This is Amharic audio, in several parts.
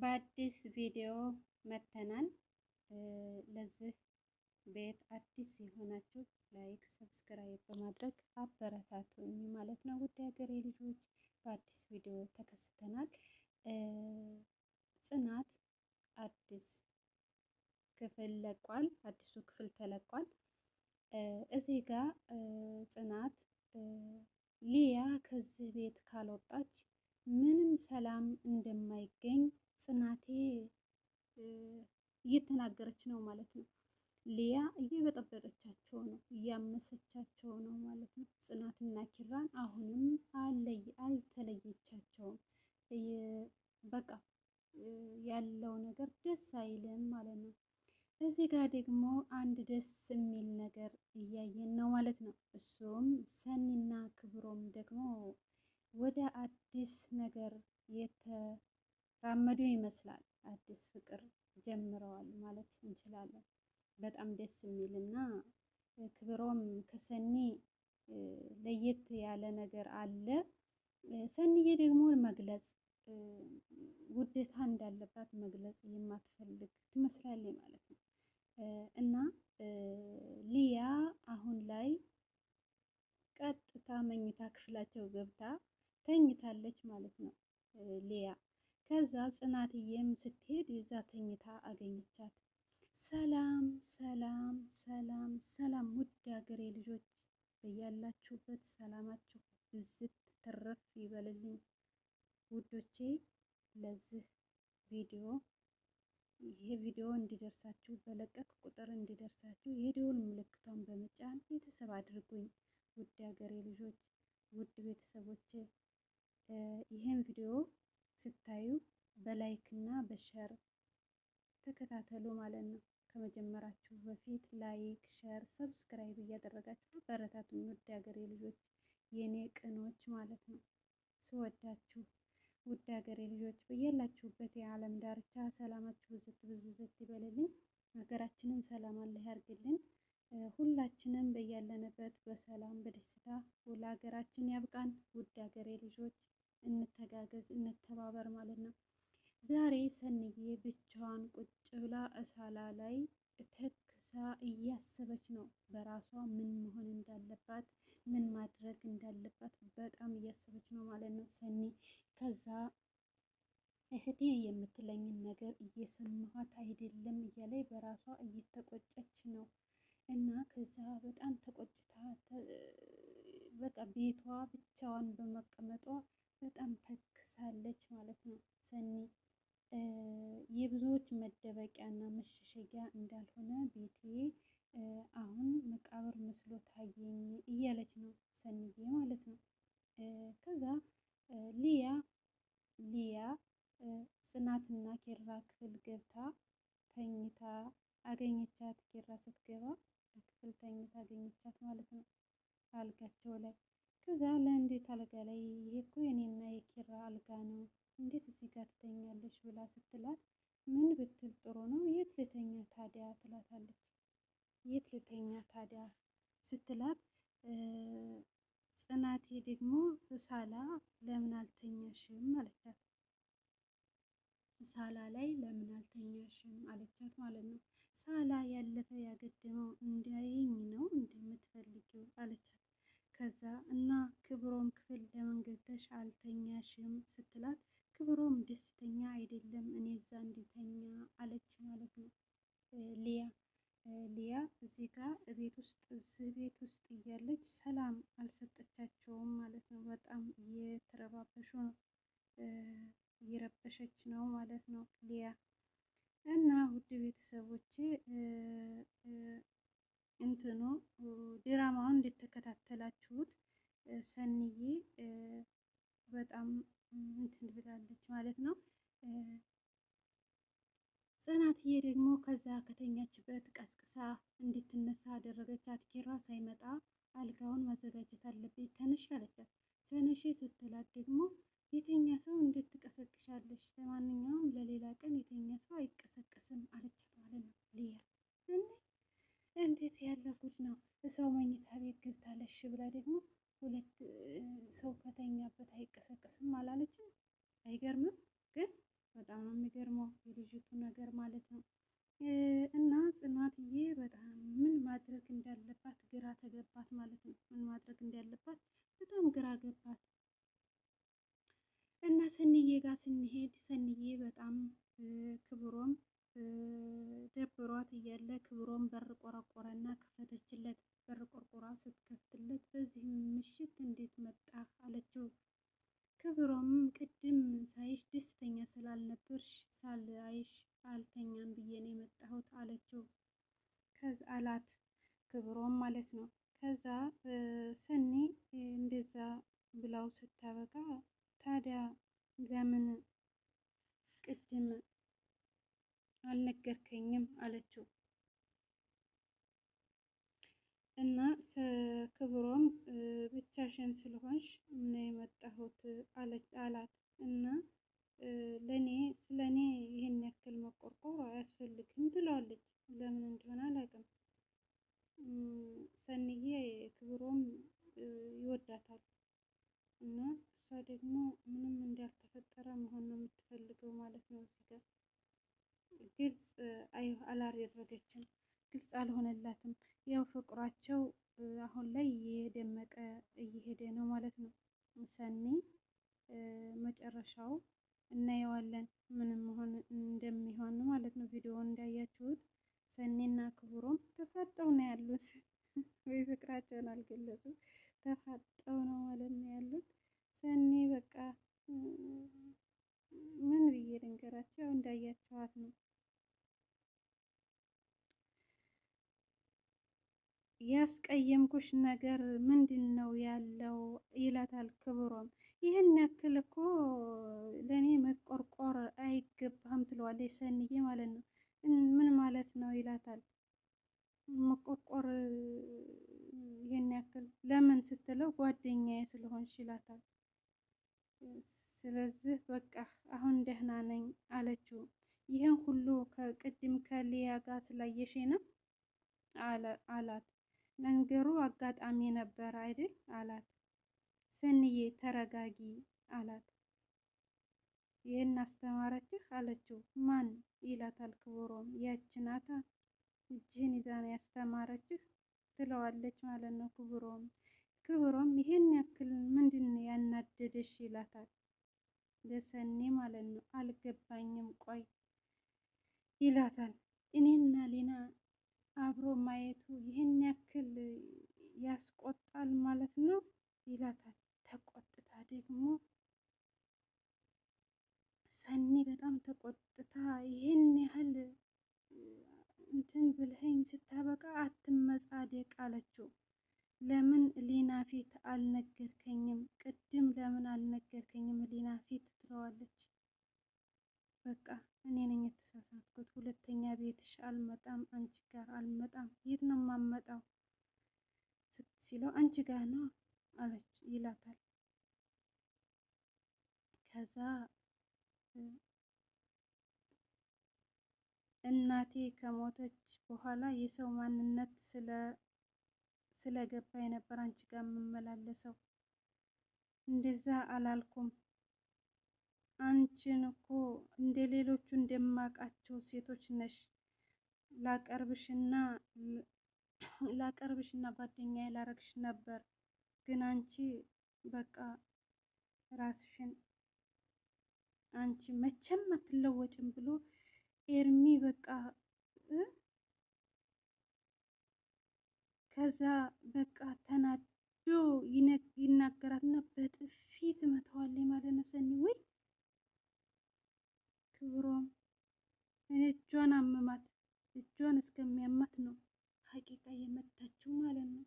በአዲስ ቪዲዮ መተናል። ለዚህ ቤት አዲስ የሆናችሁ ላይክ፣ ሰብስክራይብ በማድረግ አበረታቱኝ ማለት ነው። ውድ ሀገሬ ልጆች በአዲስ ቪዲዮ ተከስተናል። ጽናት አዲስ ክፍል ለቋል። አዲሱ ክፍል ተለቋል። እዚህ ጋር ጽናት ሊያ ከዚህ ቤት ካልወጣች ምንም ሰላም እንደማይገኝ ጽናቴ እየተናገረች ነው ማለት ነው። ሊያ እየበጠበጠቻቸው ነው፣ እያመሰቻቸው ነው ማለት ነው። ጽናትና ኪራን አሁንም አለይ አልተለየቻቸውም። በቃ ያለው ነገር ደስ አይልም ማለት ነው። እዚህ ጋር ደግሞ አንድ ደስ የሚል ነገር እያየን ነው ማለት ነው። እሱም ሰኒና ክብሮም ደግሞ ወደ አዲስ ነገር የተራመዱ ይመስላል። አዲስ ፍቅር ጀምረዋል ማለት እንችላለን። በጣም ደስ የሚል እና ክብሮም ከሰኒ ለየት ያለ ነገር አለ። ሰኒዬ ደግሞ መግለጽ ውዴታ እንዳለባት መግለጽ የማትፈልግ ትመስላለች ማለት ነው። እና ሊያ አሁን ላይ ቀጥታ መኝታ ክፍላቸው ገብታ ተኝታለች ማለት ነው ሊያ። ከዛ ጽናትዬም ስትሄድ የዛ ተኝታ አገኘቻት። ሰላም ሰላም ሰላም ሰላም፣ ውድ ሀገሬ ልጆች በያላችሁበት ሰላማችሁ ብዝት ትርፍ ይበልልኝ ውዶቼ። ለዚህ ቪዲዮ ይሄ ቪዲዮ እንዲደርሳችሁ በለቀቅ ቁጥር እንዲደርሳችሁ የደወል ምልክቷን በመጫን ቤተሰብ አድርጉኝ። ውድ ሀገሬ ልጆች፣ ውድ ቤተሰቦቼ ይህን ቪዲዮ ስታዩ በላይክ እና በሸር ተከታተሉ ማለት ነው። ከመጀመራችሁ በፊት ላይክ፣ ሸር፣ ሰብስክራይብ እያደረጋችሁ በረታቱ። ውድ ሀገሬ ልጆች የእኔ ቅኖች ማለት ነው ስወዳችሁ ውድ ሀገሬ ልጆች በያላችሁበት የዓለም ዳርቻ ሰላማችሁ ብዝት ብዝት ይበልልኝ። ሀገራችንን ሰላም አለ ያርግልን። ሁላችንም በያለንበት በሰላም በደስታ ለሀገራችን ያብቃን። ውድ ሀገሬ ልጆች እንተጋገዝ፣ እንተባበር ማለት ነው። ዛሬ ሰንዬ ብቻዋን ቁጭ ብላ እሳላ ላይ ተክሳ እያሰበች ነው። በራሷ ምን መሆን እንዳለባት ምን ማድረግ እንዳለባት በጣም እያሰበች ነው ማለት ነው ሰኒ። ከዛ እህቴ የምትለኝን ነገር እየሰማኋት አይደለም እያላይ በራሷ እየተቆጨች ነው እና ከዛ በጣም ተቆጭታ በቃ ቤቷ ብቻዋን በመቀመጧ በጣም ተክሳለች ማለት ነው። ሰኒ የብዙዎች መደበቂያ እና መሸሸጊያ እንዳልሆነ ቤቴ አሁን መቃብር መስሎ ታየኝ እያለች ነው ሰኒዬ ማለት ነው። ከዛ ሊያ ሊያ ጽናትና ኬራ ክፍል ገብታ ተኝታ አገኘቻት ኬራ ስትገባ ክፍል ተኝታ አገኘቻት ማለት ነው አልጋቸው ላይ። ከዛ ለእንዴት አልጋ ላይ ይሄ እኮ የኔና የኪራ አልጋ ነው እንዴት እዚህ ጋር ትተኛለች ብላ ስትላት ምን ብትል ጥሩ ነው የት ልተኛ ታዲያ ትላታለች። የት ልተኛ ታዲያ ስትላት ጽናቴ ደግሞ እሳላ ለምን አልተኛሽም አለቻት። ሳላ ላይ ለምን አልተኛሽም አለቻት ማለት ነው። ሳላ ያለፈ ያገደመው እንዳያየኝ ነው እንደምትፈልጊው አለቻት። ከዛ እና ክብሮም ክፍል ለምን ገብተሽ አልተኛሽም ስትላት ክብሮም ደስተኛ አይደለም እኔ እዛ እንዲተኛ አለች ማለት ነው። ሊያ ሊያ እዚህ ጋር ቤት ውስጥ እዚህ ቤት ውስጥ እያለች ሰላም አልሰጠቻቸውም ማለት ነው። በጣም እየተረባበሹ ነው እየረበሸች ነው ማለት ነው ሊያ እና ውድ ቤተሰቦቼ እንትኑ ድራማውን እንደተከታተላችሁት ሰንዬ በጣም እንትን ብላለች ማለት ነው። ጽናትዬ ደግሞ ከዛ ከተኛችበት ቀስቅሳ እንድትነሳ አደረገቻት። ኪራ ሳይመጣ አልጋውን ማዘጋጀት አለብኝ ተነሽ አለቻት። ተነሽ ስትላት ደግሞ የተኛ ሰው እንዴት ትቀሰቅሻለሽ? ለማንኛውም ለሌላ ቀን የተኛ ሰው አይቀሰቀስም አለቻት ማለት ነው ሊያ። እንዴት ያለ ጉድ ነው! ሰው መኝታ ቤት ገብታለሽ ብላ ደግሞ ሁለት ሰው ከተኛበት አይቀሰቀስም አላለችም። አይገርምም? ግን በጣም ነው የሚገርመው የልጅቱ ነገር ማለት ነው። እና ጽናትዬ በጣም ምን ማድረግ እንዳለባት ግራ ተገባት ማለት ነው። ምን ማድረግ እንዳለባት በጣም ግራ ገባት። እና ሰንዬ ጋር ስንሄድ ሰንዬ በጣም ክብሮም ደብሯት እያለ ክብሮም በር ቆረቆረ እና ከፈተችለት። በር ቆርቆራ ስትከፍትለት በዚህ ምሽት እንዴት መጣ አለችው። ክብሮም ቅድም ሳይሽ ደስተኛ ስላልነበርሽ ሳላይሽ አልተኛም ብዬ ነው የመጣሁት አለችው። አላት ክብሮም ማለት ነው። ከዛ ሰኒ እንደዛ ብላው ስታበቃ ታዲያ ለምን ቅድም አልነገርከኝም? አለችው እና ክብሮም ብቻሽን ስለሆንሽ እና የመጣሁት አላት እና ለእኔ ስለ እኔ ይህን ያክል መቆርቆር አያስፈልግም ትለዋለች። ለምን እንደሆነ አላውቅም። ሰንዬ ክብሮም ይወዳታል እና እሷ ደግሞ ምንም እንዳልተፈጠረ መሆን ነው የምትፈልገው ማለት ነው። እዚህ ጋር ግልጽ አላደረገችም፣ ግልጽ አልሆነላትም። ያው ፍቅራቸው አሁን ላይ እየደመቀ እየሄደ ነው ማለት ነው። ሰኒ መጨረሻው እናየዋለን ምንም መሆን እንደሚሆን ማለት ነው። ቪዲዮውን እንዳያችሁት ሰኔና ክቡሮም ተፋጠው ነው ያሉት ወይ ፍቅራቸውን አልገለጹም። ተፋጠው ነው ማለት ያሉት። ሰኒ በቃ ምን ብዬ ልንገራቸው? ያው እንዳያችኋት ነው ያስቀየምኩሽ ነገር ምንድን ነው ያለው? ይላታል ክብሮም። ይህን ያክል እኮ ለእኔ መቆርቆር አይገባም ትለዋለች ሰንዬ ማለት ነው። ምን ማለት ነው ይላታል መቆርቆር ይሄን ያክል ለምን ስትለው ጓደኛዬ ስለሆንሽ ይላታል። ስለዚህ በቃ አሁን ደህና ነኝ አለችው። ይህን ሁሉ ከቅድም ከሊያ ጋር ስላየሽ ነው አላት። ነገሩ አጋጣሚ ነበር አይደል አላት። ስንዬ ተረጋጊ አላት። ይህን አስተማረችህ አለችው። ማን ይላታል። ክብሮም ያች ናታ እጅህን ይዛ ነው ያስተማረችህ ትለዋለች ማለት ነው። ክብሮም ክብሮም ይህን ያክል ምንድን ያናደደሽ ይላታል። ለሰኔ ማለት ነው። አልገባኝም ቆይ ይላታል። እኔና ሌና አብሮ ማየቱ ይህን ያክል ያስቆጣል ማለት ነው። አልነገርከኝም ህሊና ፊት ትለዋለች። በቃ እኔ ነኝ የተሳሳትኩት። ሁለተኛ ቤትሽ አልመጣም፣ አንቺ ጋር አልመጣም። የት ነው የማመጣው ሲለው አንቺ ጋር ነው አለች ይላታል። ከዛ እናቴ ከሞተች በኋላ የሰው ማንነት ስለገባ የነበር አንቺ ጋር የምመላለሰው እንደዛ አላልኩም። አንቺን እኮ እንደ ሌሎቹ እንደማቃቸው ሴቶች ነሽ። ላቀርብሽና ላቀርብሽና ጓደኛዬ ላረግሽ ነበር፣ ግን አንቺ በቃ ራስሽን አንቺ መቼም አትለወጭም ብሎ ኤርሚ በቃ ከዛ በቃ ተናድ ጆ ይናገራትና በጥፊ ትመታዋለች ማለት ነው። ሰኒ ወይ ክብሮም እጇን አመማት። እጇን እስከሚያማት ነው ሀቂቃ የመታችው ማለት ነው።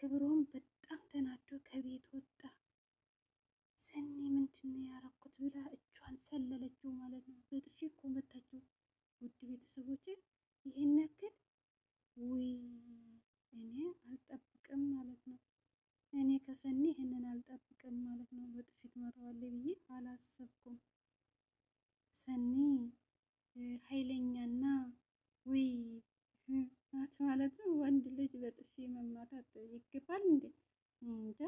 ክብሮም በጣም ተናዶ ከቤት ወጣ። ሰኒ ምንድን ያረኩት ብላ እጇን ሰለለችው ማለት ነው። በጥፊ እኮ መታችው። ውድ ቤተሰቦች ይህን ያክል ውይ እኔ አልጠብቅም ማለት ነው። እኔ ከሰኒ ይህንን አልጠብቅም ማለት ነው። በጥፊት መታዋለሁ ብዬ አላሰብኩም። ሰኒ ኃይለኛና ውይ ናት ማለት ነው። ወንድ ልጅ በጥፊ መማታት ይገባል እንዴ? እንጃ።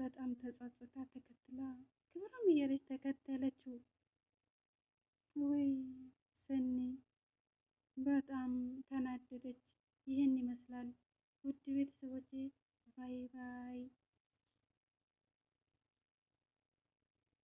በጣም ተጸጽታ ተከትላ ክብርም እያለች ተከተለችው። ወይ ሰኒ በጣም ተናደደች። ይህን ይመስላል ውድ ቤተሰቦቼ ባይ ባይ።